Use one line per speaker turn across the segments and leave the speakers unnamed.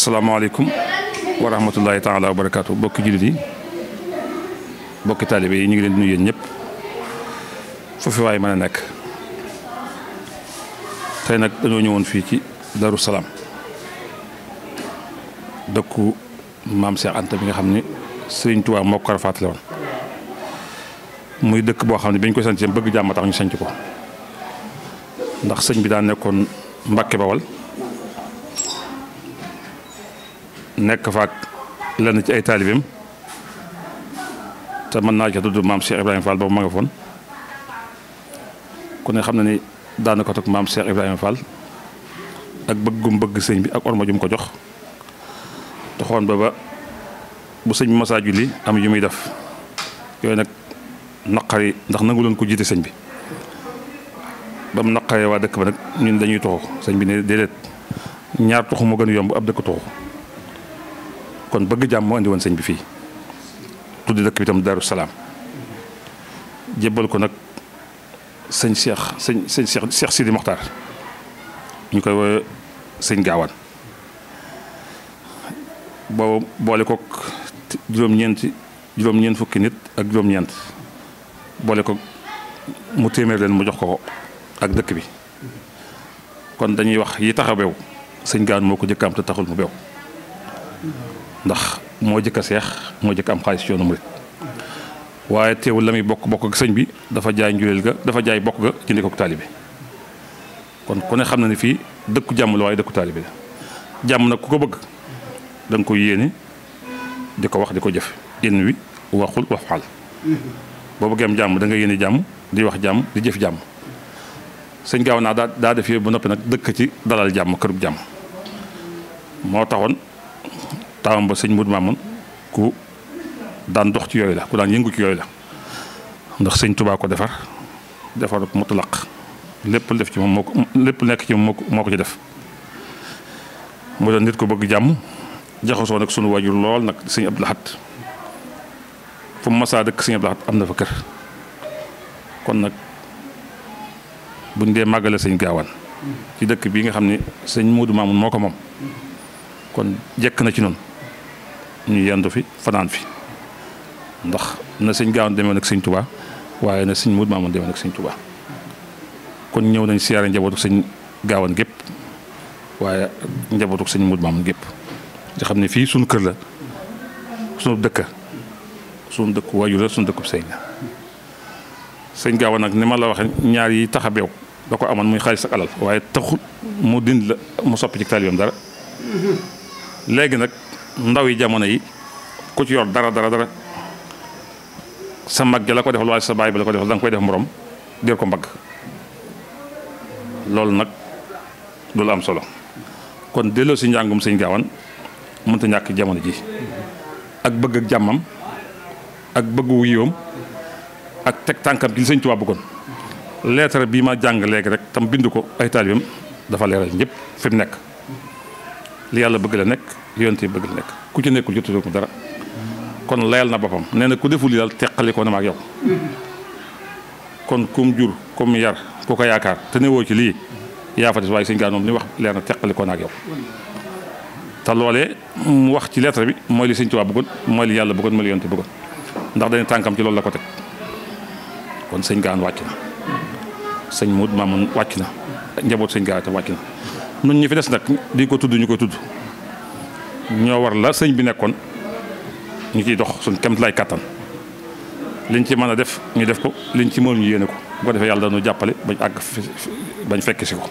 asalaamaaleykum wa rahmatullahi taala wa barakaatu bokki jullit yi bokki taalibe yi ñu ngi leen di nuyu ñépp ñëpp foofu waay mën a nekk tey nag dañoo ñëwoon fii ci Darou Salaam dëkku maam seex Anta bi nga xam ne Serigne Touba moo ko fàttali muy dëkk boo xam ne bi ñu koy sant bëgg jàmm tax ñu sanc ko ndax sëñ bi daa nekkoon Mbàkke Bawal. nekk faak lenn ci ay taalibeem te man naa ci tudd maam Cheikh Ibrahima Fall boobu ma nga foon ku xam na ni daana ko toog maam Cheikh Ibrahima Fall ak bëggum bëgg sëñ bi ak orma jum ko jox taxoon ba ba bu sëñ bi masaa julli am yu muy def yooyu nag naqari ndax nangu loon ko jiite sëñ bi bam mu naqaree waa dëkk ba nag ñun dañuy toxu sëñ bi ne déedéet ñaar toxu moo gën a yomb ab dëkk toxu kon bëgg jàmm moo andi woon sëñ bi fii tuddi dëkk bi tam Daaru Salaam ko nag sëñ Cheikh sëñ sëñ Cheikh Cheikh Sidi Mokhtar ñu koy woowee sëñ Gaawaan boobu boole kook juróom-ñeenti juróom boole ko mu téeméer leen mu jox ko ak dëkk bi kon dañuy wax yi tax a sëñ gaan moo ko jëkkaam te taxul mu beew ndax moo jëkk a seex moo jëkk am xaalis yoonu murit waaye teewu la muy bokk bokk ak sëñ bi dafa jaay njuleel ga dafa jaay bokk ga jëndee ko taalibe kon ku ne xam na ne fii dëkku jàmm la waaye dëkku taalibe la jàmm nag ku ko bëgg da nga koy yéene di ko wax di ko jëf in wi waxul wax xaal boo bëggee jàmm da nga yéene jàmm di wax jàmm di jëf jàmm sëñ gaaw naa daa daa def yooyu ba noppi nag dëkk ci dalal jàmm kërub jàmm moo taxoon taawam ba sëñ Modou Mamoun ku daan dox ci yooyu la ku daan yëngu ci yooyu la ndax sëñ Touba defar defar ko mutlaq lépp ci lépp nekk ci moom moo ko ci def mu doon nit ko bëgg jàmm jaxasoo nag sunu wajur lool nag sëñ Abdou Lahat fu dëkk sëñ am na fa kër kon nag buñ dee màggale sëñ gaawaan ci dëkk bii nga xam ne sëñ Modou Mamoun moo ko moom kon jekk na ci noonu ñu yendu fi fanaan fi ndax na sëñ Gaawan demee nag sëñ Touba waaye na sëñ muut Mamoun demee nag sëñ Touba kon ñëw nañ siyaare njabootu sëñ Gaawan gépp waaye njabootu sëñ Modou Mamoun gépp nga xam ne fii suñ kër la suñu dëkk suñu dëkk waaju la suñu dëkkub sëñ la sëñ Gaawan nag ni ma la waxee ñaar yi tax a beew da ko amoon muy xaalis ak alal waaye taxut mu dind la mu soppi ci taalibeem dara mm-hmm. léegi nag ndaw yi jamono yi ku ci yor dara dara dara sa mag gi la ko defal waaye sa baay bi la ko defal da nga koy def moroom dir ko mbagg loolu nag du la am solo kon delloo si njàngum sëñ gaawan mënta ñàkk jamono ji ak bëgg ak jàmmam ak bëggu wuyoom ak teg tànkam ci li sëñ Tuubaa bëggoon leetar bii ma jàng léegi rek tam bind ko ay taalibeem dafa leeral ñëpp fi mu nekk li yàlla bëgg la nekk yonte bëgg la nekk ku ci nekkul jotu ko dara kon layal na boppam nee na ku deful yi daal teqali ko yow kon kum jur kum yar ku ko yaakaar te newoo ci lii yaa fa des waaye sëñ gaan moom ni wax leer na teqali ko na ak yow te mu wax ci lettre bi mooy li sëñ Tuubaa bëggoon mooy li yàlla bëggoon mooy li yonte bëggoon ndax dañu tànkam ci loolu la ko teg kon sëñ gaan wàcc na sëñ Muud Maamun wàcc na njaboot sëñ gaan wàcc na nun ñi fi des nag di ko tudd ñu koy tudd ñoo war la sëñ bi nekkoon ñu ciy dox suñ kemt lay kàttan liñ ci mën a def ñu def ko liñ ci mën yéene ko bu ko defee yàlla dañu jàppale bañ àgg bañ fekk si ko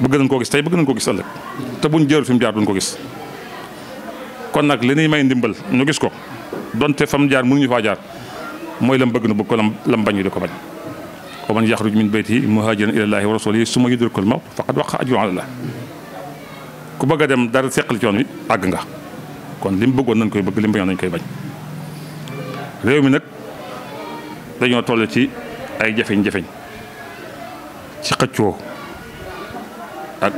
bëgg nañ koo gis tey bëgg nañ koo gis ëllëg te buñ jëru fi mu jaar duñ ko gis kon nag li ñuy may ndimbal ñu gis ko donte fam jaar mu mënuñu faa jaar mooy lam bëgg na bu ko lam bañu bañ di ko bañ wa man yaxruj min bayti muhajiran ilallaahi wa rasulihi summa yudrikul mawt faqad waqa ajruhu alallah ku bëgg a dem dara seqal coon wi àgg nga kon li bëggoon nañ koy bëgg li mu nañ koy bañ réew mi nag dañoo toll ci ay jafeñ-jafeñ ci xëccoo ak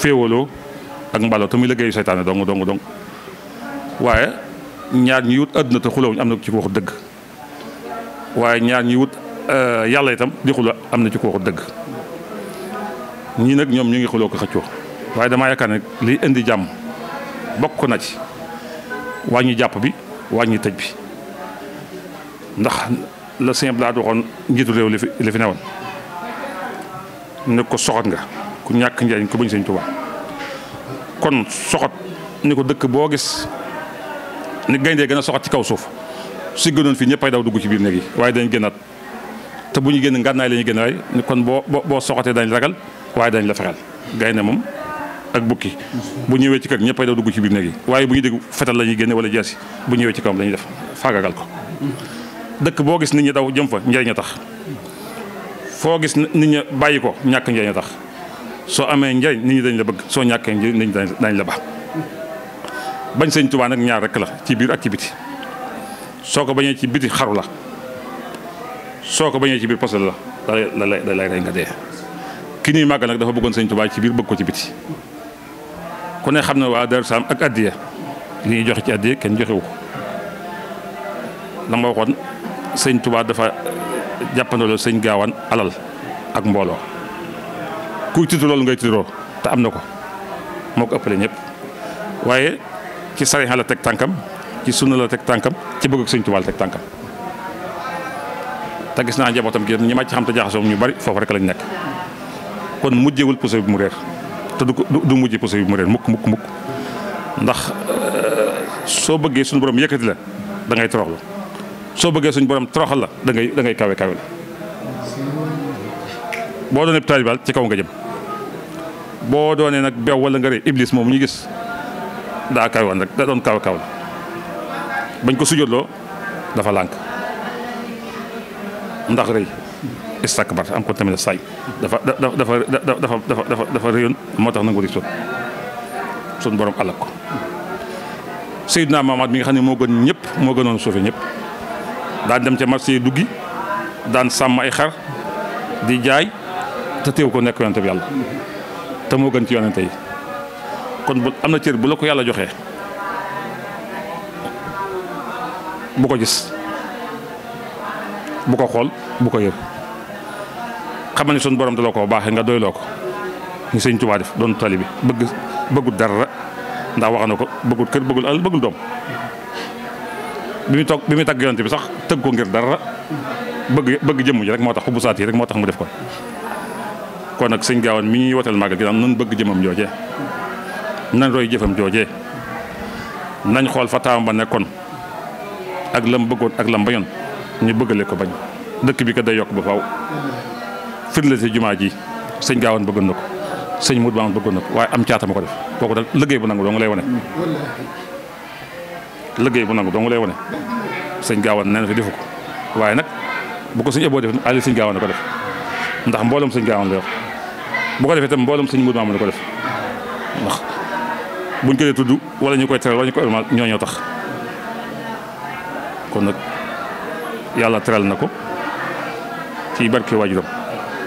féewaloo ak mbaloo te muy liggéeyu seytaane dong dong dong waaye ñaar ñi wut àdduna te xulawuñ am na ci ko wax dëgg waaye ñaar ñi wut Euh, yàlla itam di xuloo am na ci kooku dëgg ñii nag ñoom ñu ngi xuloo ko xëccoo waaye damaa yaakaar ne liy indi jàmm bokk na ci wàññi jàpp bi wàññi tëj bi ndax la simple laa waxoon njiitu réew li fi li fi newoon ko soxot nga ku ñàkk njariñ ko bañ Sëñ Tuubaa kon soxot ni ko dëkk boo gis ni gayndee gën a soxot ci kaw suuf si gënoon fii ñëppay daw dugg ci biir néeg yi waaye dañ gënaat te bu ñu génn ngànnaay la ñu génn waaye kon boo boo soxatee dañ ragal waaye dañ la fexeel gaynde moom ak bukki bu ñëwee ci kër ñëppay daw dugg ci biir néeg yi waaye bu ñu dégg fetal la ñuy génne wala jaasi bu ñëwee ci kawam la ñuy def faagagal ko dëkk boo gis nit ñi daw jëm fa njëriñ a tax foo gis nit ñi bàyyi ko ñàkk njëriñ a tax soo amee njëriñ nit ñi dañ la bëgg soo ñàkkee njëriñ nit ñi dañ la ba bañ sëñ Tuubaa nag ñaar rek la ci biir ak ci biti soo ko bañee ci biti xaru la soo ko bañee ci biir poste la la lay lay rey nga dee ki ñuy màggal nag dafa bëggoon sëñ Tuubaa ci biir bëgg ko ci biti ku ne xam ne waa Daaru saam ak addiya li ñuy joxe ci addiya kenn joxewu ko la ma waxoon sëñ Tuubaa dafa jàppandaloo sëñ gaawaan alal ak mbooloo kuy tiitu loolu ngay tiituroo te am na ko moo ko ëppale ñëpp waaye ci sariha la teg tànkam ci sunna la teg tànkam ci bëgg ak sëñ Tuubaa la teg tànkam te gis naa njabootam gi ñi ma xam te jaaxasoom ñu bari foofu rek lañ nekk kon mujjewul puso bi mu réer te du du mujj puso bi mu réer mukk mukk mukk euh, soo bëggee suñu borom yëkkati la dangay ngay soo bëggee suñu borom toroxal la da ngay da ngay kawe kawe la boo doonee taalibaal ci kaw nga jëm boo doonee nag bew wala nga ree iblis moom ñu gis daa kawe woon rek da doon kawe kaw la bañ ko sujjootloo dafa lànk ndax rëy istakbar am ko tamit saay dafa dafa dafa dafa dafa réyoon moo tax nangu di sot sun borom alak ko Seydina Mamad mi nga xam ne moo gën ñëpp moo gënoon suufe ñëpp daan dem ca marché duggi daan sàmm ay xar di jaay te teew ko nekk yonente bi yàlla te moo gën ci yonente yi kon bu am na cër bu la ko yàlla joxee bu ko gis bu ko xool bu ko yëpp xamal soon borom daloo ko baaxee nga doyloo ko ñu sëñ Tuubaa def doon tali bi bëgg bëggul dara ndax wax na ko bëggul kër bëggul alal bëggul doom bi muy toog bi muy tagg yonent bi sax tëgg ko ngir dara bëgg bëgg jëmm ji rek moo tax xubbu saat yi rek moo tax mu def ko kon nag sëñ Gaawaan mi ñuy wotal màggal gi daal nan bëgg jëmam joojee nan roy jëfam joojee nañ xool fa taam ba nekkoon ak lam bëggoon ak lam bañoon ñu bëggale ko bañ dëkk bi kat day yokk ba faaw firnde si jumaa ji sëñ Gaawaan bëggoon na ko sëñ Mourou Bamane bëggoon na ko waaye am caata ma ko def kooku daal liggéey bu nangu dong lay wane. liggéey bu nangu dong lay wane sëñ Gaawaan nee na fi defu ko waaye nag bu ko sëñ Abo def ali sëñ Gaawaan na ko def ndax mbooloom sëñ Gaawaan la yor bu ko defee tam mbooloom sëñ Mourou Bamane la ko def ndax buñ ko dee tudd wala ñu koy teral wala ñu koy ñoo ñoo tax kon nag. yàlla teral na ko ci barke waajuram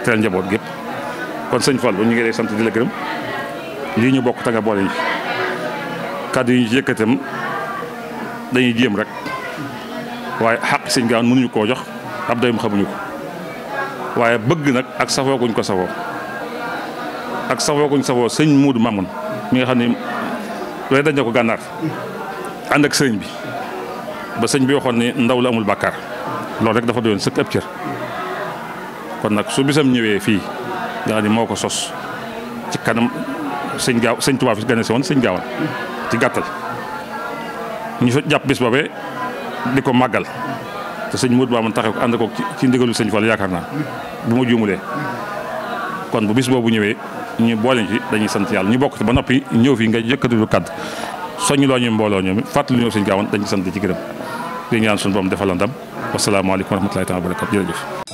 teral njaboot gépp kon sëñ Fallou ñu ngi lay sant di la gërëm lii ñu bokk tanga boole yi kàddu yi ñu ci dañuy jéem rek waaye xaq sëñ gaan mënuñu koo jox ab doyum xamuñu ko waaye bëgg nag ak safoo ko safoo ak safoo guñ safoo sëñ Muudu Mamoun mi nga xam ne waaye dañ na ko gànnaar ànd ak sëñ bi ba sëñ bi waxoon ni ndaw la amul bàkkaar loolu rek dafa doyoon sëkk ab cër kon nag su bisam ñëwee fii daa ni moo ko sos ci kanam sëñ gaaw sëñ Tuubaa fi gane si sëñ Gaawaan ci gàttal ñu fa jàpp bis boobee di ko màggal te sëñ Modou Ba man taxe ko ànd ko ci ndigalu sëñ Fall yaakaar naa bu ma juumulee kon bu bis boobu ñëwee ñu boole ci dañuy sant yàlla ñu bokk ci ba noppi ñëw fii nga yëkkati lu kàddu soññ loo ñu mbooloo ñoom fàttali ñëw sëñ Gaawaan dañ sant ci gërëm di ñaan suñu borom defal la ndam wasalaamaaleykum wa rahmatulahi taala wa barakatu jërëjëf